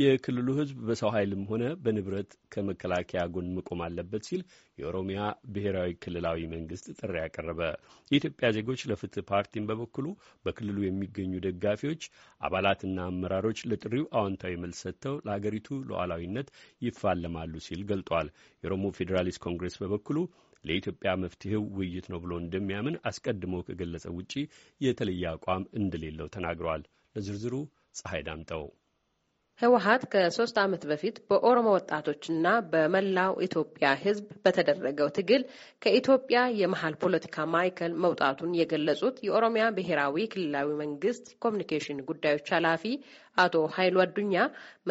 የክልሉ ህዝብ በሰው ኃይልም ሆነ በንብረት ከመከላከያ ጎን መቆም አለበት ሲል የኦሮሚያ ብሔራዊ ክልላዊ መንግስት ጥሪ ያቀረበ። የኢትዮጵያ ዜጎች ለፍትህ ፓርቲን በበኩሉ በክልሉ የሚገኙ ደጋፊዎች አባላትና አመራሮች ለጥሪው አዎንታዊ መልስ ሰጥተው ለአገሪቱ ሉዓላዊነት ይፋለማሉ ሲል ገልጧል። የኦሮሞ ፌዴራሊስት ኮንግሬስ በበኩሉ ለኢትዮጵያ መፍትሄው ውይይት ነው ብሎ እንደሚያምን አስቀድሞ ከገለጸ ውጪ የተለየ አቋም እንደሌለው ተናግረዋል። ለዝርዝሩ ፀሐይ ዳምጠው ህወሀት ከሶስት ዓመት በፊት በኦሮሞ ወጣቶችና በመላው ኢትዮጵያ ህዝብ በተደረገው ትግል ከኢትዮጵያ የመሀል ፖለቲካ ማዕከል መውጣቱን የገለጹት የኦሮሚያ ብሔራዊ ክልላዊ መንግስት ኮሚኒኬሽን ጉዳዮች ኃላፊ አቶ ኃይሉ አዱኛ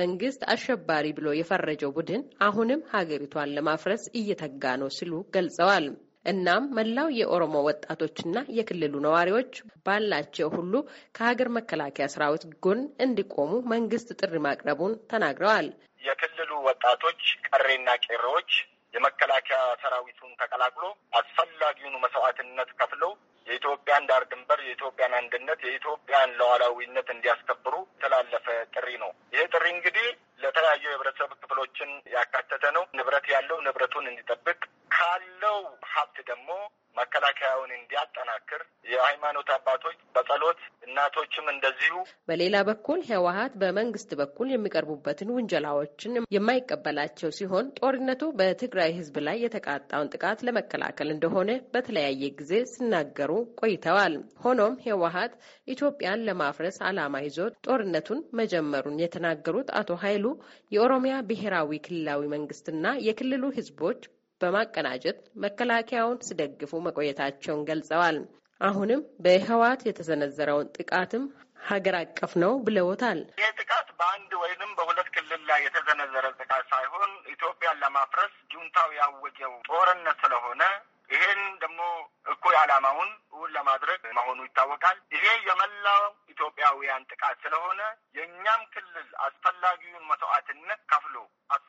መንግስት አሸባሪ ብሎ የፈረጀው ቡድን አሁንም ሀገሪቷን ለማፍረስ እየተጋ ነው ሲሉ ገልጸዋል። እናም መላው የኦሮሞ ወጣቶችና የክልሉ ነዋሪዎች ባላቸው ሁሉ ከሀገር መከላከያ ሰራዊት ጎን እንዲቆሙ መንግስት ጥሪ ማቅረቡን ተናግረዋል። የክልሉ ወጣቶች ቀሬና ቄሮዎች የመከላከያ ሰራዊቱን ተቀላቅሎ አስፈላጊውን መስዋዕትነት ከፍለው የኢትዮጵያን ዳር ድንበር፣ የኢትዮጵያን አንድነት፣ የኢትዮጵያን ሉዓላዊነት እንዲያስከብሩ የተላለፈ ጥሪ ነው። ይሄ ጥሪ እንግዲህ ለተለያዩ የህብረተሰብ ክፍሎችን ያካተተ ነው። ንብረት ያለው ንብረቱን እንዲጠብቅ ባለው ሀብት ደግሞ መከላከያውን እንዲያጠናክር የሃይማኖት አባቶች በጸሎት እናቶችም እንደዚሁ። በሌላ በኩል ህወሀት በመንግስት በኩል የሚቀርቡበትን ውንጀላዎችን የማይቀበላቸው ሲሆን ጦርነቱ በትግራይ ህዝብ ላይ የተቃጣውን ጥቃት ለመከላከል እንደሆነ በተለያየ ጊዜ ሲናገሩ ቆይተዋል። ሆኖም ህወሀት ኢትዮጵያን ለማፍረስ አላማ ይዞ ጦርነቱን መጀመሩን የተናገሩት አቶ ኃይሉ የኦሮሚያ ብሔራዊ ክልላዊ መንግስትና የክልሉ ህዝቦች በማቀናጀት መከላከያውን ሲደግፉ መቆየታቸውን ገልጸዋል። አሁንም በህወሓት የተሰነዘረውን ጥቃትም ሀገር አቀፍ ነው ብለውታል። ይህ ጥቃት በአንድ ወይንም በሁለት ክልል ላይ የተሰነዘረ ጥቃት ሳይሆን ኢትዮጵያን ለማፍረስ ጁንታው ያወጀው ጦርነት ስለሆነ ይሄን ደግሞ እኩይ ዓላማውን እውን ለማድረግ መሆኑ ይታወቃል። ይሄ የመላው ኢትዮጵያውያን ጥቃት ስለሆነ የእኛም ክልል አስፈላጊውን መስዋዕትነት ከፍሎ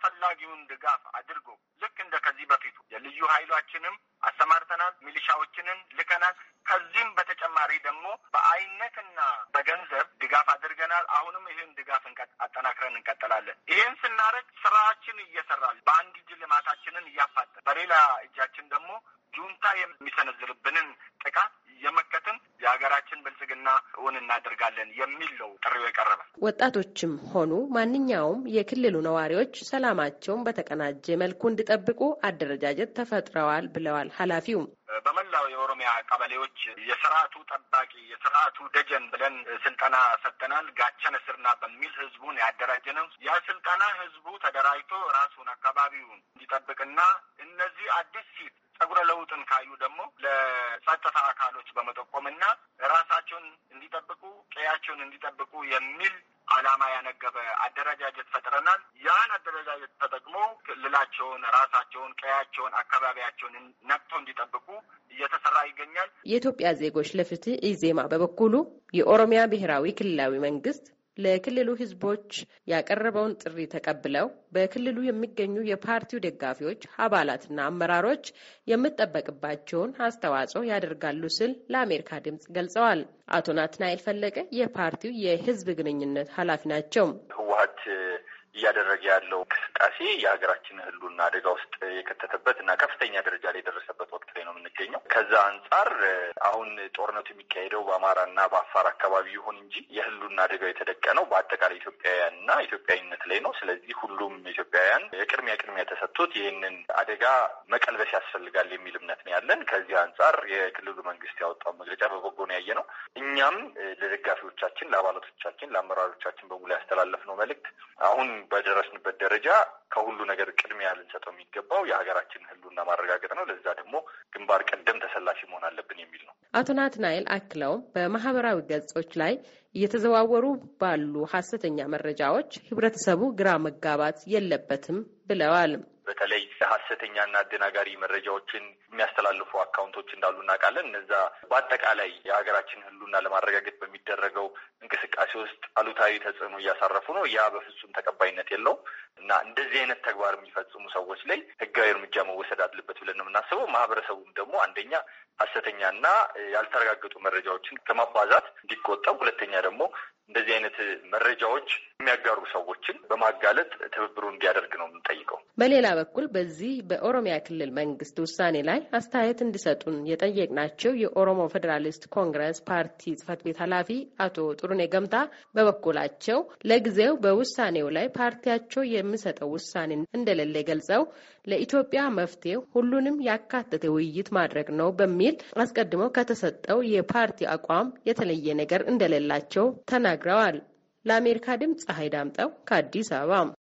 አስፈላጊውን ድጋፍ አድርጎ ልክ እንደ ከዚህ በፊቱ የልዩ ኃይሏችንም አሰማርተናል፣ ሚሊሻዎችንን ልከናል። ከዚህም በተጨማሪ ደግሞ በአይነትና በገንዘብ ድጋፍ አድርገናል። አሁንም ይህን ድጋፍ አጠናክረን እንቀጥላለን። ይህን ስናደርግ ስራችን እየሰራል፣ በአንድ እጅ ልማታችንን እያፋጠን፣ በሌላ እጃችን ደግሞ ጁንታ የሚሰነዝርብንን ጥቃት እየመከትን የሀገራችን ብልጽግና እውን እናደርጋለን የሚል ነው ጥሪው የቀረበ። ወጣቶችም ሆኑ ማንኛውም የክልሉ ነዋሪዎች ሰላማቸውን በተቀናጀ መልኩ እንዲጠብቁ አደረጃጀት ተፈጥረዋል ብለዋል ኃላፊውም። በመላው የኦሮሚያ ቀበሌዎች የስርዓቱ ጠባቂ የስርዓቱ ደጀን ብለን ስልጠና ሰጥተናል። ጋቸን እስርና በሚል ህዝቡን ያደራጀ ነው። ያ ስልጠና ህዝቡ ተደራጅቶ ራሱን አካባቢውን እንዲጠብቅና እነዚህ አዲስ ሲት ጸጉረ ለውጥን ካዩ ደግሞ ለጸጥታ አካሎች በመጠቆምና ራሳቸውን መብታቸውን እንዲጠብቁ የሚል ዓላማ ያነገበ አደረጃጀት ፈጥረናል። ያን አደረጃጀት ተጠቅሞ ክልላቸውን፣ ራሳቸውን፣ ቀያቸውን፣ አካባቢያቸውን ነቅቶ እንዲጠብቁ እየተሰራ ይገኛል። የኢትዮጵያ ዜጎች ለፍትህ ኢዜማ በበኩሉ የኦሮሚያ ብሔራዊ ክልላዊ መንግስት ለክልሉ ህዝቦች ያቀረበውን ጥሪ ተቀብለው በክልሉ የሚገኙ የፓርቲው ደጋፊዎች አባላትና አመራሮች የምጠበቅባቸውን አስተዋጽኦ ያደርጋሉ ስል ለአሜሪካ ድምጽ ገልጸዋል። አቶ ናትናኤል ፈለቀ የፓርቲው የህዝብ ግንኙነት ኃላፊ ናቸው። ህወሀት እያደረገ ያለው እንቅስቃሴ የሀገራችን ህሉና አደጋ ውስጥ የከተተበት እና ከፍተኛ ደረጃ ላይ ከዛ አንጻር አሁን ጦርነቱ የሚካሄደው በአማራና በአፋር አካባቢ ይሁን እንጂ የህሉና አደጋው የተደቀነው በአጠቃላይ ኢትዮጵያውያንና ኢትዮጵያዊነት ላይ ነው። ስለዚህ ሁሉም ኢትዮጵያውያን የቅድሚያ ቅድሚያ ተሰጥቶት ይህንን አደጋ መቀልበስ ያስፈልጋል የሚል እምነት ነው ያለን። ከዚህ አንጻር የክልሉ መንግስት ያወጣው መግለጫ በበጎ ነው ያየ ነው። እኛም ለደጋፊዎቻችን፣ ለአባላቶቻችን፣ ለአመራሮቻችን በሙሉ ያስተላለፍነው መልእክት አሁን በደረስንበት ደረጃ ከሁሉ ነገር ቅድሚያ ልንሰጠው የሚገባው የሀገራችን ሕልውና ማረጋገጥ ነው። ለዛ ደግሞ ግንባር ቀደም ተሰላፊ መሆን አለብን የሚል ነው። አቶ ናትናኤል አክለውም በማህበራዊ ገጾች ላይ እየተዘዋወሩ ባሉ ሀሰተኛ መረጃዎች ህብረተሰቡ ግራ መጋባት የለበትም ብለዋል። በተለይ ሀሰተኛና አደናጋሪ መረጃዎችን የሚያስተላልፉ አካውንቶች እንዳሉ እናውቃለን። እነዛ በአጠቃላይ የሀገራችን ሕልውና ለማረጋገጥ በሚደረገው እንቅስቃሴ ውስጥ አሉታዊ ተጽዕኖ እያሳረፉ ነው። ያ በፍጹም ተቀባይነት የለው እና እንደዚህ አይነት ተግባር የሚፈጽሙ ሰዎች ላይ ሕጋዊ እርምጃ መወሰድ አለበት ብለን ነው የምናስበው። ማህበረሰቡም ደግሞ አንደኛ ሀሰተኛና ያልተረጋገጡ መረጃዎችን ከማባዛት እንዲቆጠብ፣ ሁለተኛ ደግሞ እንደዚህ አይነት መረጃዎች የሚያጋሩ ሰዎችን በማጋለጥ ትብብሩ እንዲያደርግ ነው የምንጠይቀው። በሌላ በኩል በዚህ በኦሮሚያ ክልል መንግስት ውሳኔ ላይ አስተያየት እንዲሰጡን የጠየቅናቸው የኦሮሞ ፌዴራሊስት ኮንግረስ ፓርቲ ጽህፈት ቤት ኃላፊ አቶ ጥሩኔ ገምታ በበኩላቸው ለጊዜው በውሳኔው ላይ ፓርቲያቸው የሚሰጠው ውሳኔ እንደሌለ ገልጸው ለኢትዮጵያ መፍትሄ ሁሉንም ያካተተ ውይይት ማድረግ ነው በሚል አስቀድሞ ከተሰጠው የፓርቲ አቋም የተለየ ነገር እንደሌላቸው ተናግረዋል። ለአሜሪካ ድምፅ ፀሐይ ዳምጠው ከአዲስ አበባ